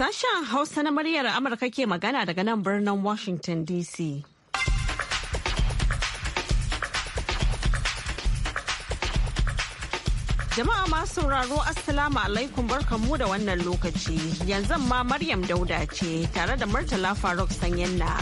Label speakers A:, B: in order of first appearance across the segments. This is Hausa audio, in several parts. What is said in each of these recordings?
A: Sashen Hausa na muryar Amurka ke magana daga nan birnin Washington DC. Jama'a masu sauraro Assalamu alaikum mu da wannan lokaci. Yanzu ma Maryam Dauda ce tare da Murtala Faruk na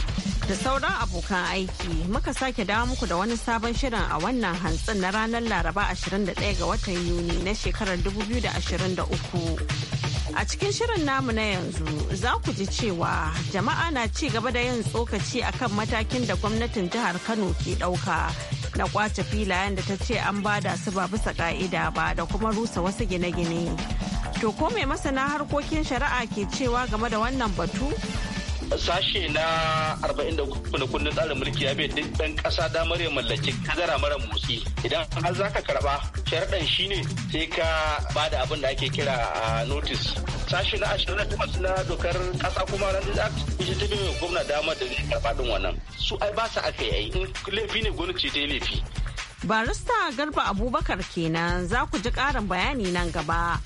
A: da sauran abokan aiki muka sake dawo muku da wani sabon shirin a wannan hantsin na ranar Laraba 21 ga watan Yuni na shekarar 2023. A cikin shirin namu na yanzu za ku ji cewa jama'a na ci gaba da yin tsokaci a kan matakin da gwamnatin jihar Kano ke ɗauka na kwace filayen da ta ce an ba da su ba bisa ka'ida ba da kuma rusa wasu gine-gine. To ko mai masana harkokin shari'a ke cewa game da wannan batu?
B: sashe na 43 na kundin tsarin mulki ya bai duk ɗan ƙasa damar ya mallaki kadara mara motsi idan har za ka karɓa shi shine sai ka ba da abin da ake kira a notis sashe na 28 na dokar ƙasa kuma ran da ita ta bai gwamna damar da zai karɓa ɗin wannan su ai ba su aka yi in laifi ne gwamnati ta yi laifi
A: barista garba abubakar kenan za ku ji ƙarin bayani nan gaba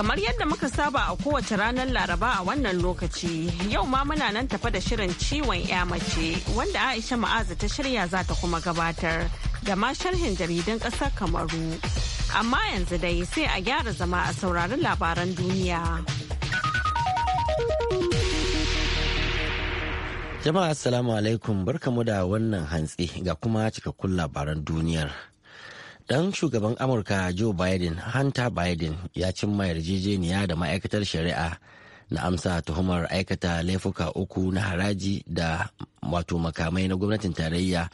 A: Kamar yadda muka saba a kowace ranar Laraba a wannan lokaci, yau ma muna nan tafa da shirin ciwon ya mace wanda Aisha Ma'azu ta shirya za ta kuma gabatar da ma sharhin jaridan ƙasar Kamaru. Amma yanzu dai sai a gyara zama a saurari labaran duniya.
C: Jama'a Assalamu alaikum barkamu da wannan hantsi ga kuma cikakkun labaran duniyar. Dan shugaban Amurka Joe Biden, Hunter Biden ya cimma yarjejeniya da ma'aikatar shari'a na amsa tuhumar aikata laifuka uku na haraji da wato makamai na gwamnatin tarayya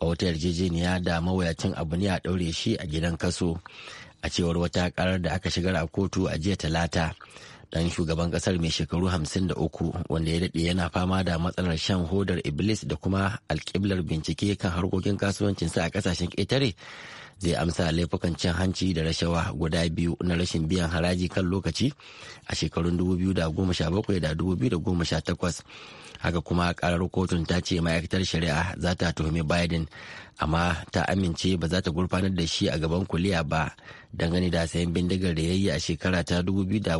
C: a wata yarjejeniya da mawuyacin abu ne a ɗaure shi a gidan kaso a cewar wata karar da aka shigar a kotu a jiya talata dan shugaban kasar mai shekaru 53 wanda ya daɗe yana fama da matsalar shan hodar iblis da kuma alƙiblar bincike kan harkokin kasuwancinsa a ƙasashen ƙetare zai amsa laifukan cin hanci da rashawa guda biyu na rashin biyan haraji kan lokaci a shekarun 2017 da 2018 haka kuma karar kotun ta ce ma'aikatar shari'a za ta tuhumi biden amma ta amince ba za ta gurfanar da shi a gaban kuliya ba dangane da sayan bindigar da ya a shekara ta 2018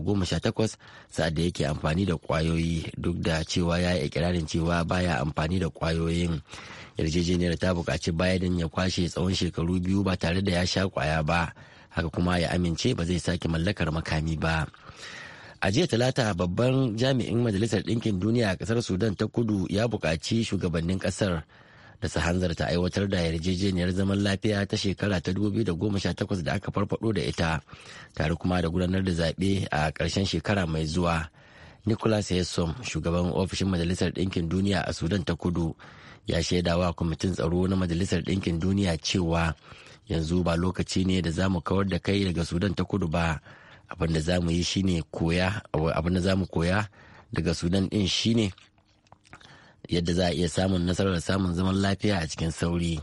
C: sa'ad da yake amfani da kwayoyi duk da cewa ya yi ikirarin cewa baya amfani da kwayoyin yarjejeniyar ta buƙaci biden ya kwashe tsawon shekaru biyu ba tare da ya sha kwaya ba haka kuma ya amince ba zai sake mallakar makami ba a jiya talata babban jami'in majalisar ɗinkin duniya a ƙasar sudan ta kudu ya bukaci shugabannin ƙasar da su hanzarta aiwatar da yarjejeniyar zaman lafiya ta shekara ta 2018 da aka farfado da ita tare kuma da gudanar da zaɓe a ƙarshen shekara mai zuwa nicholas yesson shugaban ofishin majalisar ɗinkin duniya a sudan ta kudu ya shaidawa kwamitin tsaro na majalisar ɗinkin duniya cewa yanzu ba lokaci ne da za mu kawar da kai daga sudan ta kudu ba abin da za mu yi shine koya abin da za mu koya daga sudan ɗin shine yadda za a iya samun nasarar samun zaman lafiya a cikin sauri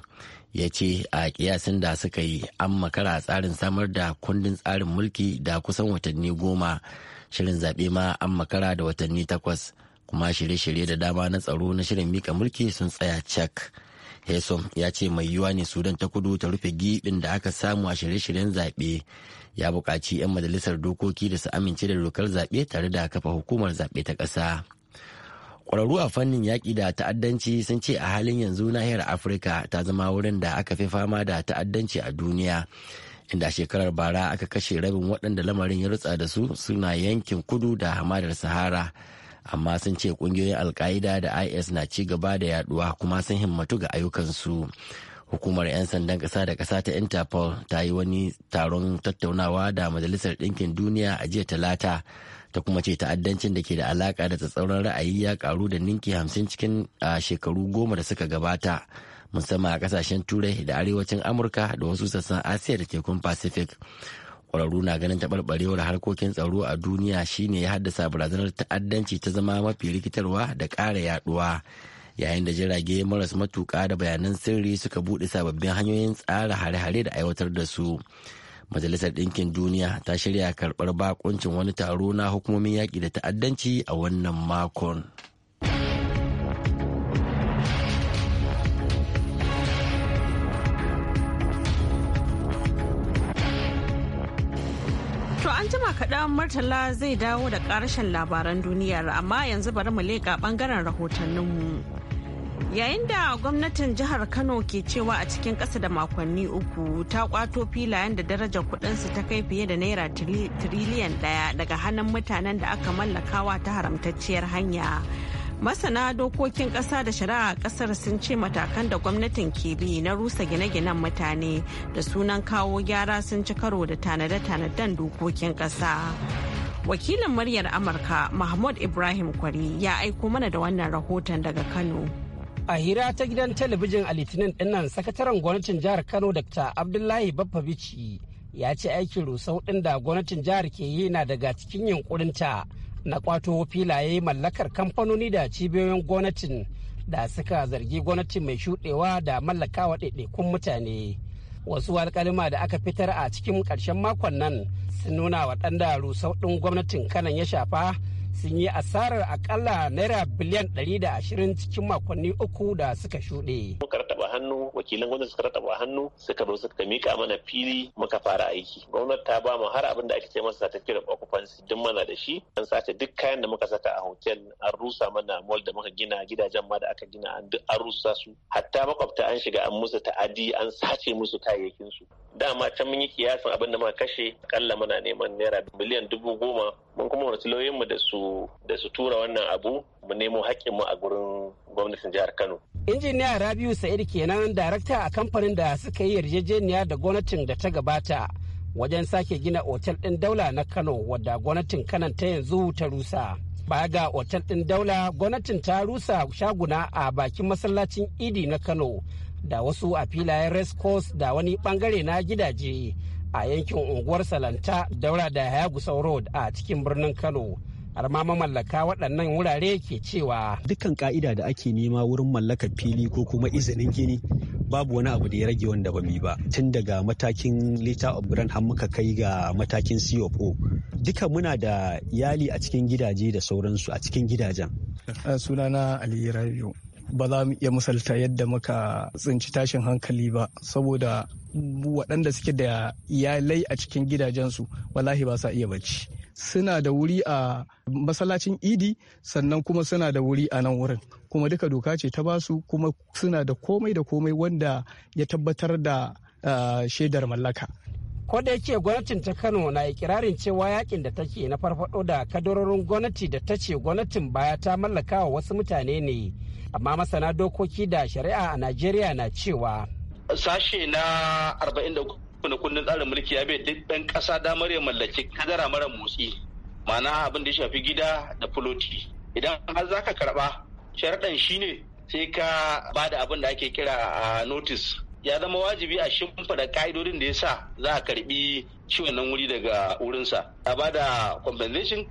C: ya ce a kiyasin da suka yi an makara a tsarin samar da kundin tsarin mulki da kusan watanni goma shirin zaɓe ma an makara da watanni takwas kuma shirye-shirye da dama na tsaro na shirin mika mulki sun tsaya cak hesom ya ce mai yiwuwa ne sudan ta kudu ta rufe gibin da aka samu a shirye-shiryen zaɓe ya buƙaci 'yan majalisar dokoki da su amince da dokar zaɓe tare da kafa hukumar zaɓe ta ƙasa ƙwararru a fannin yaƙi da ta'addanci sun ce a halin yanzu nahiyar afirka ta zama wurin da aka fi fama da ta'addanci a duniya inda shekarar bara aka kashe rabin waɗanda lamarin ya rutsa da su suna yankin kudu da hamadar sahara amma sun ce kungiyoyin alka'ida da is na ci gaba da yaduwa kuma sun himmatu ga ayyukansu hukumar 'yan sandan ƙasa da ƙasa ta interpol ta yi wani taron tattaunawa da majalisar ɗinkin duniya a jiya talata ta kuma ce ta'addancin da ke da alaka da tsatsauran ra'ayi ya karu da ninki hamsin cikin a shekaru goma da suka gabata musamman a kasashen turai da arewacin amurka da wasu sassan asiya da tekun pacific kwararru na ganin taɓarɓarewar harkokin tsaro a duniya shine ya haddasa barazanar ta'addanci ta zama mafi rikitarwa da ƙara yaɗuwa yayin da jirage maras matuƙa da bayanan sirri suka buɗe sababbin hanyoyin tsara hare-hare da aiwatar da su majalisar ɗinkin duniya ta shirya karɓar bakuncin wani taro na hukumomin yaƙi da ta'addanci a wannan makon.
A: Ibrahim Murtala zai dawo da ƙarshen labaran duniyar amma yanzu bari mu leƙa ɓangaren rahotanninmu. Yayin da gwamnatin jihar Kano ke cewa a cikin ƙasa da makonni uku ta kwato filayen da darajar su ta kai fiye da naira tiriliyan ɗaya daga hannun mutanen da aka mallakawa ta haramtacciyar hanya. masana dokokin kasa da shari'a kasar sun ce matakan da gwamnatin ke bi na rusa gine-ginen mutane da sunan kawo gyara sun ci karo da tanade-tanaden dokokin kasa wakilin muryar amurka mahmud ibrahim kwari ya aiko mana da wannan rahoton daga kano a
D: hira ta gidan talabijin a litinin dinnan sakataren gwamnatin jihar kano dr abdullahi bafa-bichi ya ce aikin rusau ɗin da gwamnatin jihar ke yi na daga cikin yunkurinta na kwato filaye mallakar kamfanoni da cibiyoyin gwamnatin da suka zargi gwamnatin mai shuɗewa da mallakawa ɗaiɗaikun mutane wasu alkalima da aka fitar a cikin ƙarshen makon nan sun nuna waɗanda rusau ɗin gwamnatin kanan ya shafa sun yi asarar akalla naira biliyan 120 cikin makonni uku da
B: suka shuɗe. Muka rataba hannu wakilan gwamnati suka rataba hannu suka zo suka mika mana fili muka fara aiki. Gwamnati ta ba mu har abin da ake ce masa certificate of occupancy duk mana da shi. An sace duk kayan da muka saka a hotel an rusa mana mall da muka gina gidajen ma da aka gina an duk an rusa su. Hatta makwabta an shiga an musu ta'adi an sace musu kayayyakin su. Dama can mun yi kiyasin abin da muka kashe akalla muna neman naira biliyan dubu goma mun kuma wani lauyoyinmu da su da su tura wannan abu mu nemo haƙƙinmu a gurin gwamnatin jihar Kano.
D: Injiniya Rabiu Sa'id kenan darakta a kamfanin da suka yi yarjejeniya da gwamnatin da ta gabata wajen sake gina otel din daula na Kano wadda gwamnatin Kanan ta yanzu ta rusa. Baya ga otel ɗin daula gwamnatin ta rusa shaguna a bakin masallacin Idi na Kano da wasu a filayen race course da wani bangare na gidaje a yankin unguwar salanta daura da hayagusau road a cikin birnin kano arma mamallaka waɗannan wurare ke cewa dukkan ka'ida da ake nema wurin mallakar fili ko kuma izinin gini babu wani abu da ya rage wanda ba mi ba tun daga matakin lita of brand har muka kai ga matakin cfo duka muna da yali a cikin
E: gidaje da sauransu a cikin gidajen sunana Ali Rabiu ba za mu iya misalta yadda muka tsinci tashin hankali ba saboda waɗanda suke da iyalai a cikin gidajensu wallahi ba sa iya bacci suna da wuri a masallacin idi sannan kuma suna da wuri a nan wurin kuma duka doka ce ta basu kuma suna da komai da komai wanda ya tabbatar da shaidar mallaka
D: ko da yake gwamnatin ta kano na ikirarin cewa yakin da take na farfado da kadarorin gwamnati da ta ce gwamnatin baya ta mallaka wa wasu mutane ne amma masana dokoki da shari'a a najeriya na cewa
B: sashe na 43 na kundin tsarin mulki ya bai duk ɗan ƙasa damar ya mallaki kadara mara motsi ma'ana abin da ya shafi gida da fuloti idan har za ka karɓa sharaɗan ne sai ka ba da abin da ake kira a notice ya zama wajibi a shimfiɗa ka'idodin da ya sa za a karɓi ciwon nan wuri daga wurinsa a ba da compensation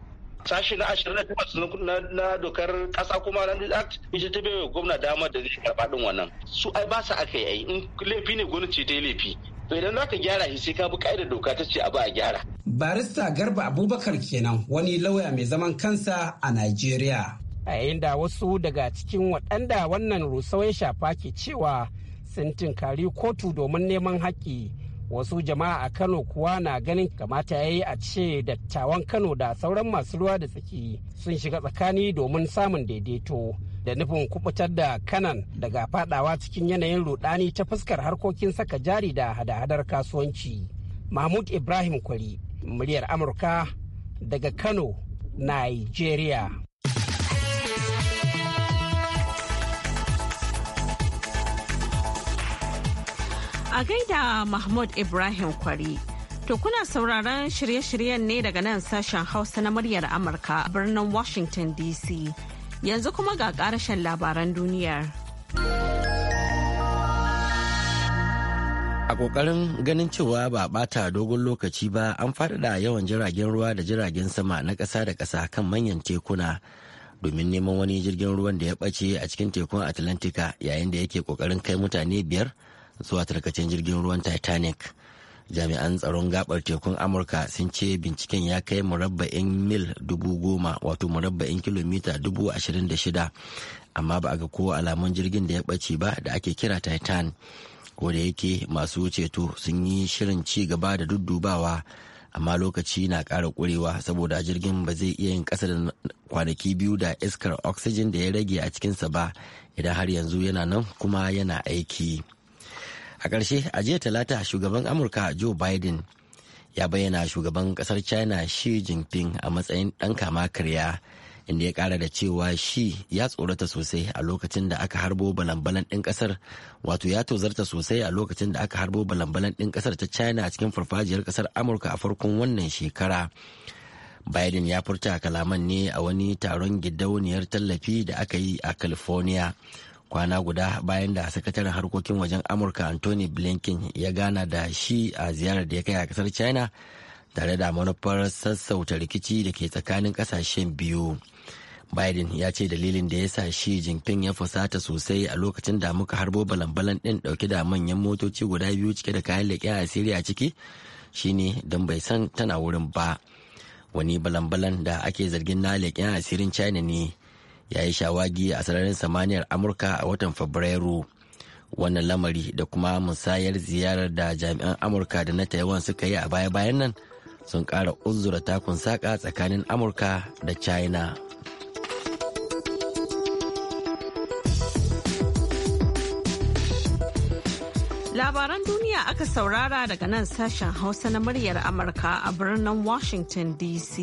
B: sashi na 28 na dokar kasa kuma na act ita ta bai gwamna dama da zai karba ɗin wannan su ai ba su aka yi in laifi ne gwamnati ta yi laifi to idan za ka gyara shi sai ka bi ka'idar doka ta ce a ba a gyara.
D: barista garba abubakar kenan wani lauya mai zaman kansa a Najeriya. a yayin da wasu daga cikin waɗanda wannan rusau ya shafa ke cewa sun tinkari kotu domin neman haƙƙi wasu jama'a a kano kuwa na ganin kamata ya yi a ce dattawan kano da sauran masu ruwa da tsaki sun shiga tsakani domin samun daidaito da nufin kubutar da kanan daga fadawa cikin yanayin rudani ta fuskar harkokin saka jari da hada-hadar kasuwanci mahmud ibrahim kwari muryar amurka daga kano
A: nigeria A gaida Mahmud Ibrahim Kwari. To kuna sauraron shirye-shiryen ne daga nan sashen Hausa na muryar Amurka a birnin Washington DC. Yanzu kuma ga karashen labaran duniyar.
C: A ƙoƙarin ganin cewa ba ɓata dogon lokaci ba an faɗaɗa yawan jiragen ruwa da jiragen sama na ƙasa da ƙasa kan manyan tekuna. domin neman wani jirgin ruwan da ya ɓace a cikin tekun atlantika yayin da yake ƙoƙarin kai mutane biyar zuwa tarkacen jirgin ruwan titanic jami'an tsaron gabar tekun amurka sun ce binciken ya kai murabba'in mil dubu goma wato murabba'in kilomita dubu ashirin da shida amma ba a ga kowa alamun jirgin da ya ɓace ba da ake kira titan ko da yake masu ceto sun yi shirin ci gaba da duddubawa amma lokaci na ƙara ƙurewa saboda jirgin ba zai iya yin ƙasa da kwanaki biyu da iskar oxygen da ya rage a cikinsa ba idan har yanzu yana nan kuma yana aiki. a ƙarshe a jiya talata shugaban amurka joe biden ya bayyana shugaban ƙasar china shi jinping a matsayin ɗan kama karya inda ya ƙara da cewa shi ya tsorata sosai a lokacin da aka harbo balambalan ɗin ƙasar wato ya tozarta sosai a lokacin da aka harbo balambalan ɗin ƙasar ta china a cikin farfajiyar ƙasar amurka a farkon wannan shekara biden ya furta kalaman ne a wani taron gidauniyar tallafi da aka yi a california kwana guda bayan da sakataren harkokin wajen amurka anthony blinken ya gana da shi a ziyarar da ya kai a kasar china tare da manufar sassauta rikici da ke tsakanin kasashen biyu biden ya ce dalilin da ya sa shi jinping ya fusata sosai a lokacin da muka harbo balan-balan din dauke da manyan motoci guda biyu cike da kayan leƙe asiri a ciki shine don bai san tana wurin ba wani balan-balan da ake zargin na leƙen asirin china ne ya yi shawagi a sararin samaniyar amurka a watan fabrairu wannan lamari da kuma musayar ziyarar da jami'an amurka da na taiwan suka yi a baya-bayan nan sun ƙara uzura takun saƙa tsakanin amurka da china
A: labaran duniya aka saurara daga nan sashen hausa na muryar amurka a birnin washington dc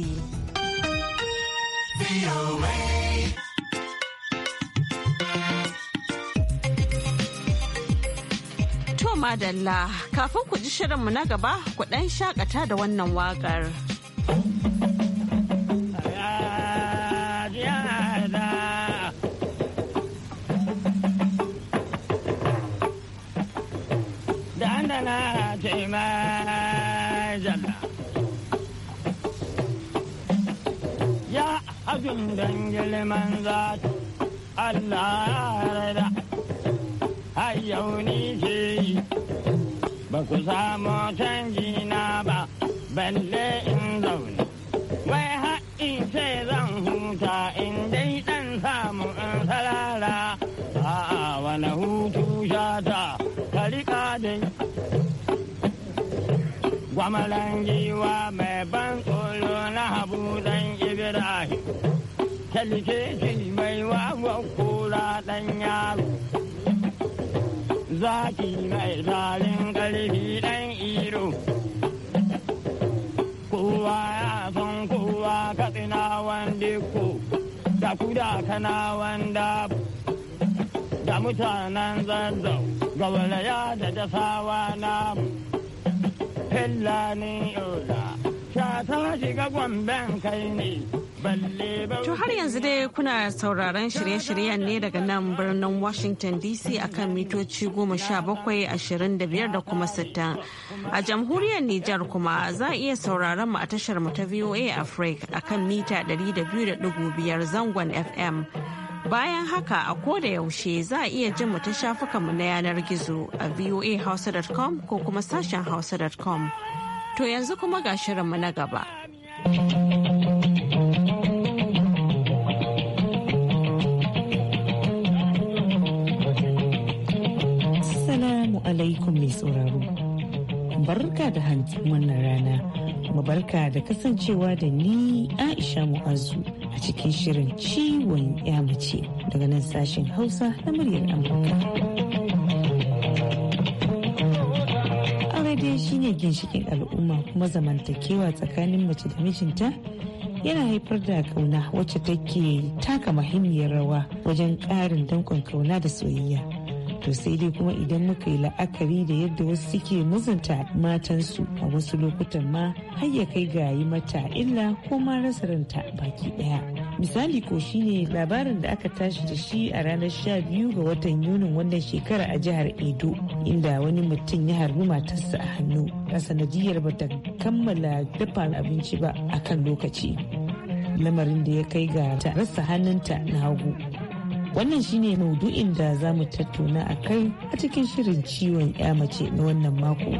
A: madalla kafin ku ji shirinmu na gaba ku ɗan shakata da wannan wakar
F: Ya ce majalla. Ya abin dangile manza Allah ya rada. har ni ke yi ba ku samu canji na ba balle in zaune wai haɗi ce zan huta in dai ɗan samu in sarara a'a wani hutu shata ka riƙa dai gwamalan giwa mai ban tsoro na habu dan ibrahim kyalike shi mai wawan kura yaro zaki mai zalin ƙarfi ɗan iro. Kowa ya san kowa katsina wanda ko, da kuda kana wanda da mutanen zazzau, gabalaya da dasawa namu. Hillani yola, sha ta shiga gwamben kai ne. To
A: har yanzu dai kuna sauraron shirye-shiryen ne daga nan birnin Washington DC akan mitoci goma sha bakwai ashirin da biyar da kuma sittin. A jamhuriyar Nijar kuma za a iya sauraron mu a tashar mu ta VOA Africa akan mita ɗari da biyu da ɗigo biyar zangon FM. Bayan haka a koda yaushe za a iya jin mu ta shafukanmu na yanar gizo a voahouse.com ko kuma sashen hausa.com. To yanzu kuma ga shirinmu na gaba.
G: alaikum mai sauraro. Barka da hantsin wannan rana, mabarka da kasancewa da ni Aisha Mu'azu a cikin shirin ciwon ya mace daga nan sashen Hausa na muryar Amurka. dai shine ginshikin al'umma kuma zamantakewa tsakanin mace da mijinta yana haifar da kauna wacce take taka muhimmiyar rawa wajen ƙarin danƙon kauna da soyayya to sai dai kuma idan muka yi la'akari da yadda wasu suke muzunta matansu a wasu lokutan ma har ya kai ga yi mata illa ko ma rasa ranta baki daya misali ko shine labarin da aka tashi da shi a ranar sha biyu ga watan yunin wannan shekara a jihar edo inda wani mutum ya harbi matarsa a hannu a sanadiyar ba ta kammala dafa abinci ba a kan lokaci lamarin da ya kai ga ta rasa hannunta na hagu Wannan shine maudu'in da za mu tattauna a kai a cikin shirin ciwon ya mace na wannan mako.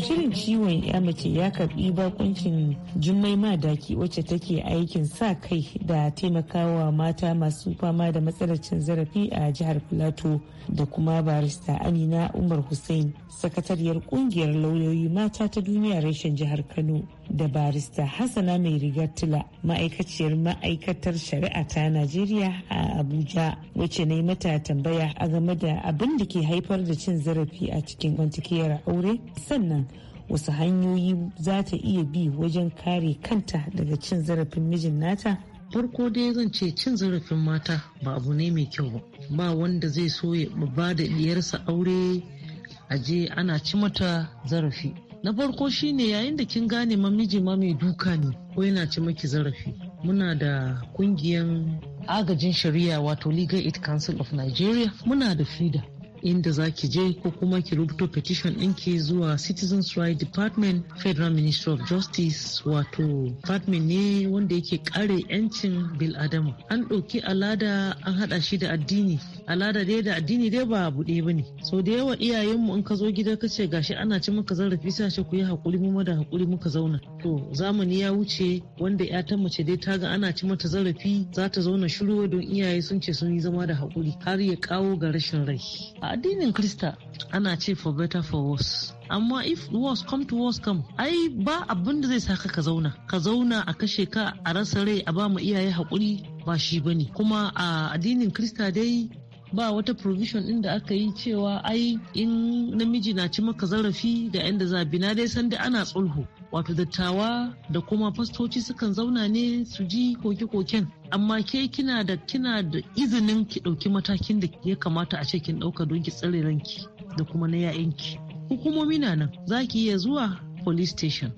G: shirin ciwon ya mace ya karbi bakuncin jummai madaki wacce take aikin sa kai da taimakawa mata masu fama da matsalar cin zarafi a jihar plateau da kuma barista amina umar hussein sakatariyar kungiyar lauyoyi mata ta duniya reshen jihar kano da barista Hassana mai rigar tula ma'aikaciyar ma'aikatar shari'a ta Najeriya a Abuja wacce na yi mata tambaya a game da abin da ke haifar da cin zarafi a cikin kwantakiyar aure sannan wasu hanyoyi za ta iya bi wajen kare kanta daga cin zarafin mijin nata farko dai zan ce cin zarafin mata ba abu ne mai kyau ba
H: ba wanda zai so ya ba da diyarsa aure a je ana ci mata zarafi na farko shine yayin da kin gane mamiji ma mai duka ne ko yana ci maki zarafi muna da kungiyan agajin shari'a wato legal aid council of nigeria muna da fida inda za ki je ko kuma ki rubuto petition ɗinki zuwa citizens right department federal ministry of justice wato department ne wanda yake kare 'yancin bil bil'adama an ɗauki alada an haɗa shi da addini al'ada dai da addini dai ba buɗe ba ne so da yawa iyayenmu in ka zo gida ka ce gashi ana ci maka zarafi sa ce ku yi hakuri mu da hakuri muka zauna to zamani ya wuce wanda ya ta mace dai ta ga ana ci mata zarafi za ta zauna shiru don iyaye sun ce sun yi zama da hakuri har ya kawo ga rashin rai a addinin krista ana ce for better for worse amma if worse come to worse come ai ba abin da zai saka ka zauna ka zauna a kashe ka a rasa rai a ba mu iyaye hakuri ba shi bane kuma a addinin krista dai ba wata provision din da aka yi cewa ai in namiji na ci maka zarafi da yan da zabi na dai san ana tsulhu wato dattawa da kuma fastoci sukan zauna ne su ji koke-koken amma ke kina da kina da izinin ki ɗauki matakin da ya kamata a ce kin ɗauka don ki tsare ranki da kuma na 'ya'yanki hukumomi na nan za ki iya zuwa police station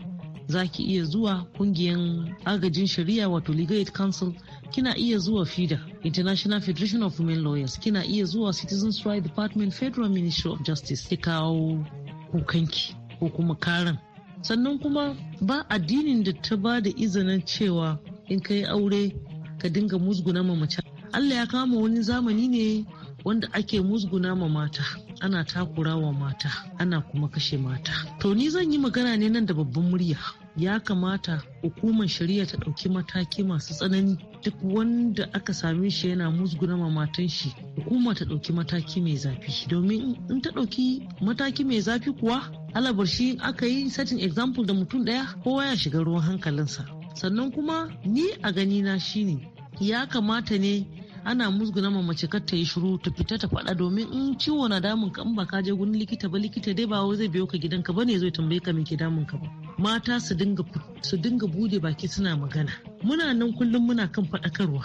H: za ki iya zuwa kungiyan agajin shari'a wato legal aid council kina iya zuwa fida international federation of women lawyers kina iya zuwa citizens right department federal ministry of justice ki kawo kukanki ko kuma karan sannan kuma ba addinin da ta ba da izinin cewa in ka yi aure ka dinga musguna ma mace allah ya kama wani zamani ne wanda ake musguna ma mata ana takura wa mata ana kuma kashe mata to ni zan yi magana ne nan da babban murya ya kamata hukumar shari'a ta ɗauki mataki masu tsanani duk wanda aka same shi yana musguna ma matan shi hukuma ta ɗauki mataki mai zafi domin in ta ɗauki mataki mai zafi kuwa alabar shi aka yi satin example da mutum ɗaya kowa ya shiga ruwan hankalinsa sannan kuma ni a ganina shine ya kamata ne ana musguna ma mace kar ta yi shiru ta fita ta faɗa domin in ciwo na damun ka in ba ka je gurin likita ba likita dai ba wai zai biyo ka gidanka ba ne zai tambaye ka me ke damun ka ba mata su dinga su dinga bude baki suna magana muna nan kullum muna kan faɗakarwa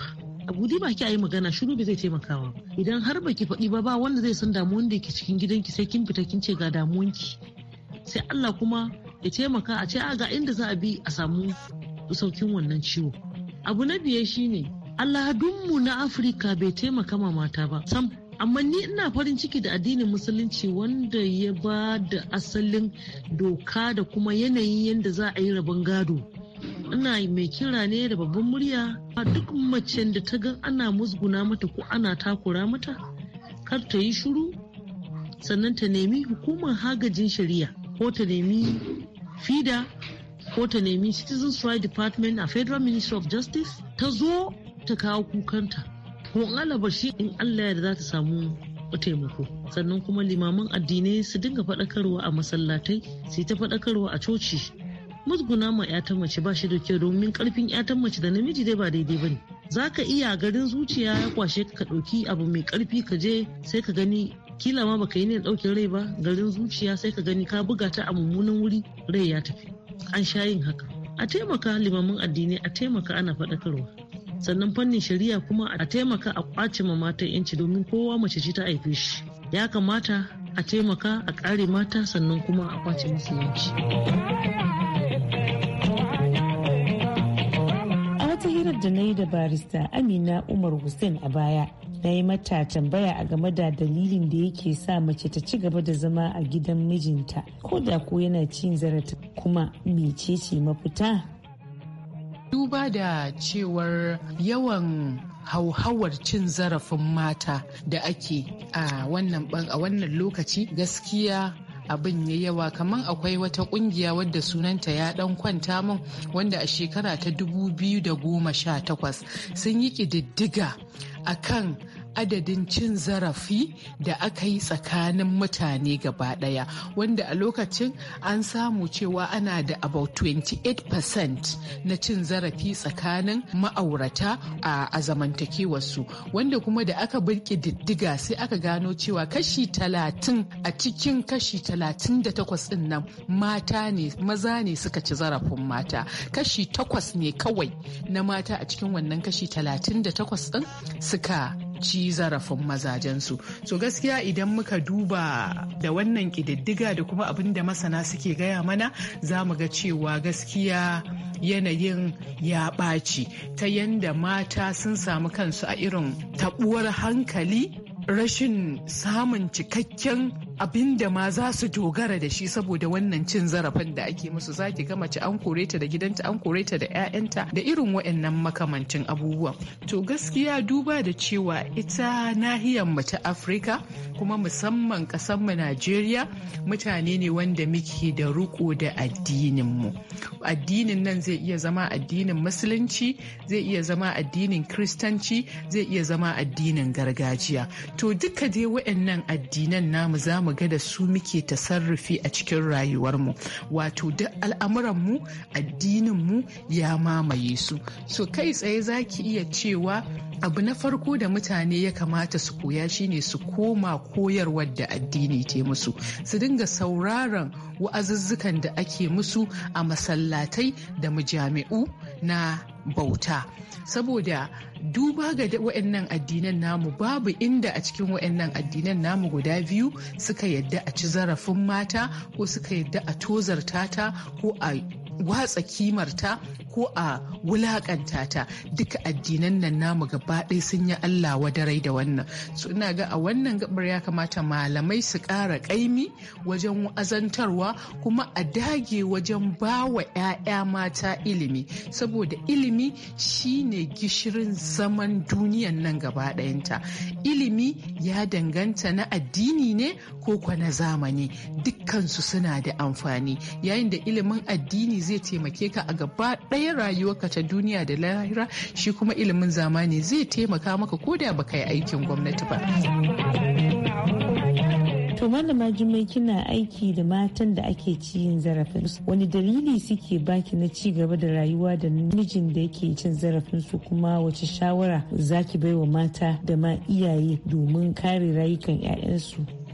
H: a bude baki a yi magana shiru bai zai taimakawa idan har baki faɗi ba ba wanda zai san damuwan da ke cikin gidanki sai kin fita kin ce ga damuwanki sai Allah kuma ya taimaka a ce a ga inda za a bi a samu saukin wannan ciwo abu na biye shine al'adunmu na afirka bai taimaka ma mata ba sam amma ni ina farin ciki da addinin musulunci wanda ya ba da asalin doka da kuma yanayin yadda za a yi rabon gado ina mai kira ne da babban murya a duk mace da ta ga ana musguna mata ko ana takura mata kar ta yi shuru sannan ta nemi hukumar hagajin shari'a ko ta nemi fida ko ta nemi citizens right department a federal ministry of justice ta zo ta kawo kukanta ko alaba shi in allah da za ta samu taimako sannan kuma limaman addinai su dinga faɗakarwa a masallatai su ta faɗakarwa a coci musguna ma ya mace ba shi da kyau domin karfin ya mace da namiji dai ba daidai bane za ka iya garin zuciya ya kwashe ka ɗauki abu mai karfi ka je sai ka gani kila ma baka yi ne ɗaukin rai ba garin zuciya sai ka gani ka buga ta a mummunan wuri rai ya tafi an sha yin haka a taimaka limamin addinai a taimaka ana faɗakarwa sannan fannin shari'a kuma a taimaka a kwace ma matan yanci domin kowa mace ce ta haife shi ya kamata a taimaka a kare mata sannan kuma a kwace musu yanci
G: a wata hirar da na yi da barista amina umar hussein a baya na yi mata tambaya a game da dalilin da yake sa mace ta ci gaba da zama a gidan mijinta ko da ko yana cin zarafi kuma mecece
I: mafita duba da cewar yawan hauhawar cin zarafin mata da ake a wannan lokaci gaskiya abin ya yawa kamar akwai wata kungiya wadda sunanta ya dan kwanta mun wanda a shekara ta 2018 sun yi kididdiga akan adadin cin zarafi da aka yi tsakanin mutane gaba daya wanda a lokacin an samu cewa ana da about 28% na cin zarafi tsakanin ma'aurata a, a zamantakewarsu wanda kuma da aka birki diddiga sai aka gano cewa kashi 30 a cikin kashi 38 din nan mata ne maza ne suka ci zarafin mata kashi 8 ne kawai na mata a cikin wannan kashi 38 din suka ci zarafin mazajensu so gaskiya idan muka duba da wannan kididdiga da kuma abin da masana suke gaya mana za mu ga cewa gaskiya yanayin ya ɓaci ta yanda mata sun samu kansu a irin taɓuwar hankali rashin samun cikakken abin da ma za su dogara da shi saboda wannan cin zarafin da ake musu za ki ga mace an kore ta da gidanta an kore ta da 'ya'yanta da irin waɗannan makamancin abubuwan to gaskiya duba da cewa ita nahiyar mu ta afirka kuma musamman ƙasar mu najeriya mutane ne wanda muke da riko da addinin mu addinin nan zai iya zama addinin musulunci zai iya zama addinin kristanci zai iya zama addinin gargajiya to duka dai waɗannan addinan namu za mu ga da su muke tasarrufi a cikin rayuwarmu wato duk al'amuranmu addininmu ya mamaye su so kai tsaye za ki iya cewa abu na farko da mutane ya kamata su koya shine su koma koyarwar da addini ta musu su dinga sauraron wa'azuzzukan da ake musu a masallatai da mujami'u na bauta saboda duba ga wa'annan addinan namu babu inda a cikin wa'annan addinan namu guda biyu suka yadda a ci zarafin mata ko suka yadda a tozarta ta ko a watsa kimarta ko a wulakanta ta duka addinan nan namu gaba ɗaya sun yi Allah wadarai da wannan so ina ga a wannan gabar ya kamata malamai su ƙara ƙaimi wajen azantarwa kuma a dage wajen bawa wa 'ya'ya mata ilimi saboda ilimi shine gishirin zaman duniyan nan gaba ɗayanta ilimi ya danganta na addini ne ko kwa na zamani dukkansu suna da amfani yayin da ilimin addini zai taimake ka a gaba ɗaya rayuwarka ta duniya da lahira shi kuma ilimin zamani zai taimaka maka ko da baka yi aikin gwamnati ba. To
G: malama jimai kina aiki da matan da ake ciyin zarafin su wani dalili suke baki na ci gaba da rayuwa da mijin da yake cin zarafin su kuma wace shawara zaki baiwa mata da ma iyaye domin kare rayukan 'ya'yansu.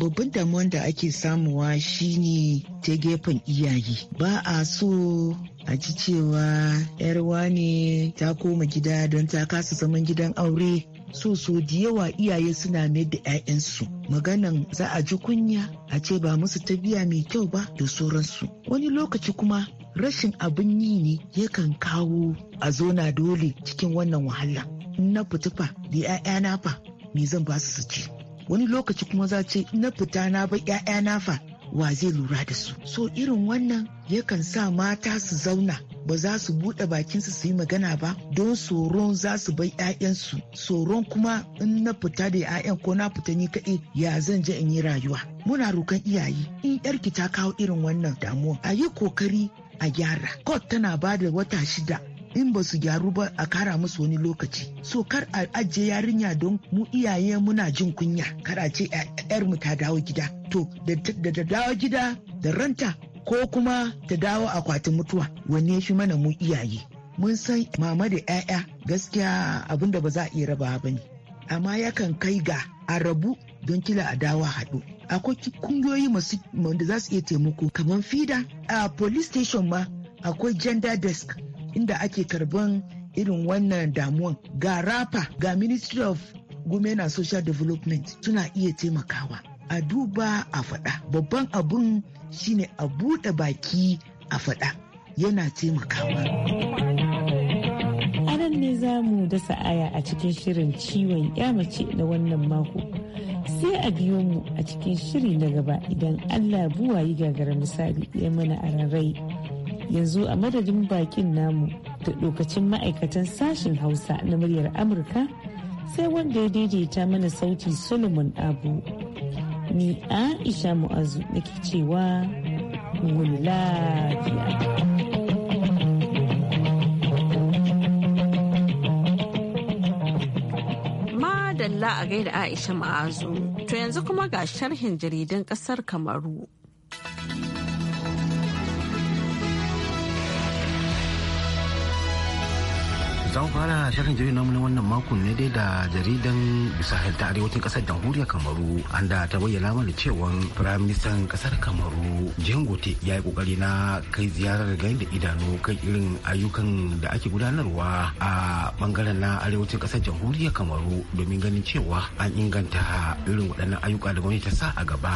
J: babban damuwan da ake samuwa shine ta gefen iyaye ba a so a ci cewa yarwa ne ta koma gida don ta kasa zaman gidan aure so so da yawa iyaye suna mai da 'ya'yansu maganan za a ji kunya a ce ba musu tabiya mai kyau ba da sauransu wani lokaci kuma rashin abin yi ne yakan kawo a zona dole cikin wannan wahala na fitufa da 'ya'yana fa me zan ba su su ci wani lokaci kuma za ce na fita na ba 'ya'ya na fa wa zai lura da su so irin wannan yakan sa mata su zauna ba za su buɗe bakinsu su yi magana ba don tsoron za su bai 'ya'yansu tsoron kuma in na fita da 'ya'yan ko na fita ni kaɗai ya zan je in yi rayuwa muna rokan iyaye in yarki ta kawo irin wannan damuwa a yi kokari a gyara kot tana ba da wata shida in ba su gyaru ba a kara musu wani lokaci so kar a ajiye yarinya don mu iyaye muna jin kunya kar a ce yar mu ta dawo gida to da ta dawo gida da ranta ko kuma ta dawo akwatin mutuwa wanne shi mana mu iyaye mun san mama da 'ya'ya gaskiya abin da ba za a iya raba ba ne amma yakan kai ga a rabu don kila a dawo haɗu akwai kungiyoyi masu wanda za su iya taimako kamar fida a police station ma akwai gender desk inda ake karban irin wannan damuwan ga rafa ga ministry of women social development suna iya taimakawa a duba a faɗa babban abun shine a buɗe baki a faɗa yana taimakawa. nan ne za mu dasa aya a
G: cikin shirin ciwon mace na wannan mako sai a biyo mu a cikin shiri na gaba idan allah buwayi gagara misali ya mana a rarrai. yanzu a madadin bakin namu da lokacin ma'aikatan sashen hausa na muryar amurka sai wanda ya daidaita mana sauti solomon abu ni aisha mu'azu nake cewa lafiya
A: madalla a gaida aisha ma'azu to yanzu kuma ga sharhin jaridan kasar kamaru
E: za mu fara shirin jirgin namu na wannan makon ne dai da jaridan bisa ta arewacin kasar jamhuriyar kamaru an da ta bayyana mana cewa firayim ministan kasar kamaru jengote ya yi kokari na kai ziyarar gani da idanu kan irin ayyukan da ake gudanarwa a bangaren na arewacin kasar jamhuriyar kamaru domin ganin cewa an inganta irin waɗannan ayyuka da gwamnati ta sa a gaba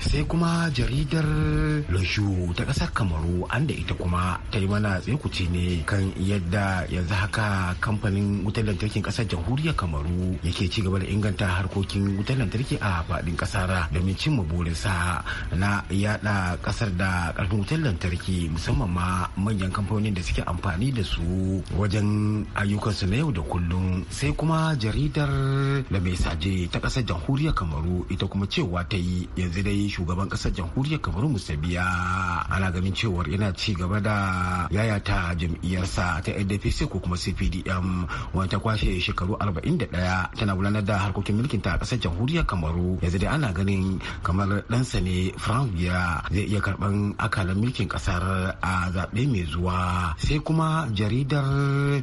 E: sai kuma jaridar lashu ta kasar kamaru an da ita kuma ta yi mana tsaye ne kan yadda yanzu haka kamfanin wutar lantarkin kasar jamhuriyar kamaru yake ci gaba da inganta harkokin wutar lantarki a faɗin kasar domin cimma sa na yada kasar da karfin wutar lantarki musamman ma manyan kamfanonin da suke amfani da su wajen ayyukansu na yau da kullum sai kuma jaridar da mai saje ta kasar jamhuriyar kamaru ita kuma cewa ta yi yanzu dai shugaban kasar jamhuriyar kamaru musa biya ana ganin cewar yana ci gaba da yayata jam'iyyarsa ta ndpc ko kuma cp pdm wanda kwashe shekaru 41 tana gudanar da harkokin mulkin ta a kasar jamhuriyar kamaru yanzu dai ana ganin kamar ɗansa ne frank biya zai iya karɓan akalan mulkin ƙasar a zaɓe mai zuwa sai kuma jaridar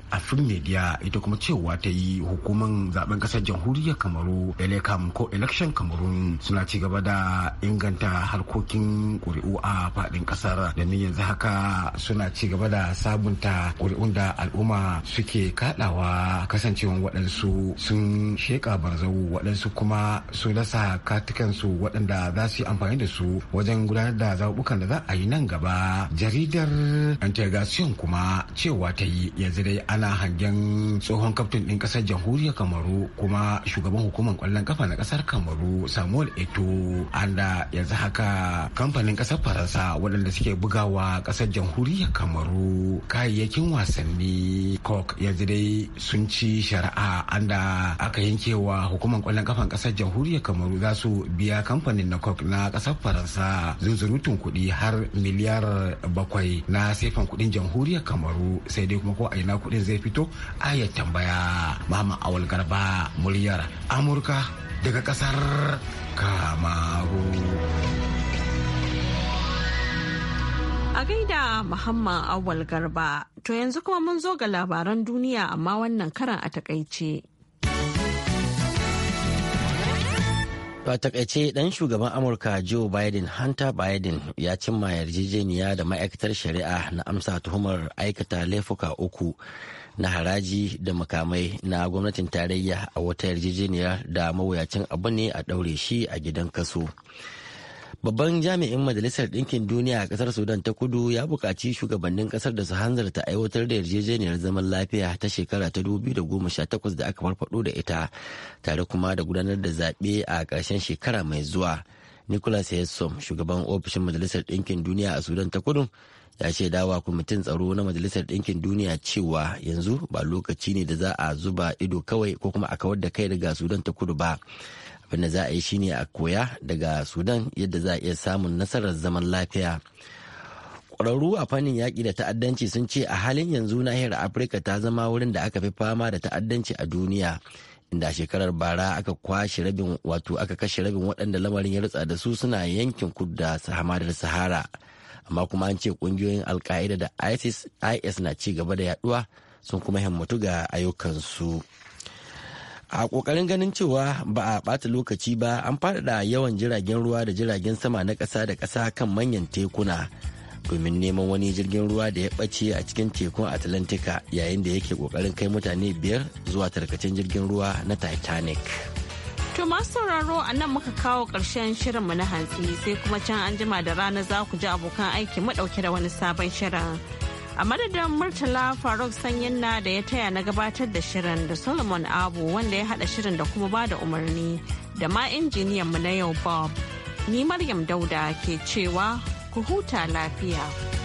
E: afin media ita kuma cewa ta yi hukumar zaben kasar jamhuriyar kamaru elekam ko election kamaru suna ci gaba da inganta harkokin ƙuri'u a faɗin kasar ni yanzu haka suna ci gaba da sabunta ƙuri'un da al'umma suke ke kaɗawa kasancewan waɗansu sun sheka barzau waɗansu kuma su rasa katikansu waɗanda za su yi amfani da su wajen gudanar da zaɓukan da za a yi nan gaba jaridar integration kuma cewa ta yi yanzu dai ana hangen tsohon kaftin ɗin ƙasar jamhuriyar kamaru kuma shugaban hukumar ƙwallon kafa na ƙasar kamaru samuel eto anda yanzu haka kamfanin ƙasar faransa waɗanda suke bugawa ƙasar jamhuriyar kamaru kayayyakin wasanni cork yanzu dai sun ci shari'a anda aka yankewa hukumar kwallon kafan kasar jamhuriyar kamaru za su biya kamfanin na coke na kasar faransa zunzurutun kuɗi har miliyar bakwai na sefan kuɗin jamhuriyar kamaru sai dai kuma ko a ina kuɗin zai fito a ya tambaya mama awal garba muryar amurka daga kasar kamaru.
A: A gaida Muhammad Awal Garba, to yanzu kuma mun zo ga labaran duniya amma wannan karan a takaice.
C: a takaice dan shugaban amurka joe biden hunter biden ya cimma yarjejeniya da ma'aikatar shari'a na amsa tuhumar aikata laifuka uku na haraji da makamai na gwamnatin tarayya a wata yarjejeniya da mawuyacin abu ne a daure shi a gidan kaso. Babban jami'in Majalisar Ɗinkin Duniya a ƙasar Sudan ta kudu ya buƙaci shugabannin ƙasar da su hanzarta aiwatar da yarjejeniyar zaman lafiya ta shekara ta 2018 da aka farfaɗo da ita tare kuma da gudanar da zaɓe a ƙarshen shekara mai zuwa. Nicholas Hessom, shugaban ofishin Majalisar Ɗinkin Duniya a Sudan ta kudu, ya ce dawa kwamitin tsaro na majalisar ɗinkin duniya cewa yanzu ba lokaci ne da za a zuba ido kawai ko kuma a kawar da kai daga sudan ta kudu ba abin za a yi shine a koya daga sudan yadda za a iya samun nasarar zaman lafiya ƙwararru a fannin yaƙi da ta'addanci sun ce a halin yanzu nahiyar afirka ta zama wurin da aka fi fama da ta'addanci a duniya inda shekarar bara aka kwashe rabin wato aka kashe rabin waɗanda lamarin ya rutsa da su suna yankin kudu da hamadar sahara amma kuma an ce ƙungiyoyin alka'ida da isis is na ci gaba da yaduwa sun kuma himmatu ga ayyukansu. a kokarin ganin cewa ba a ɓata lokaci ba an faɗaɗa yawan jiragen ruwa da jiragen sama na ƙasa da ƙasa kan manyan tekuna domin neman wani jirgin ruwa da ya ɓace a cikin tekun atlantika yayin da yake kokarin kai mutane biyar zuwa tarkacen jirgin ruwa na titanic
A: To masu sauraro a nan muka kawo ƙarshen shirinmu na hantsi sai kuma can an jima da rana za ku ji abokan aiki mu ɗauke da wani sabon shirin. a madadin murtala faruk sanyin na da ya taya na gabatar da shirin da solomon abu wanda ya hada shirin da kuma ba da umarni da ma injiniyan mu na yau bob ni maryam dauda ke cewa ku huta lafiya.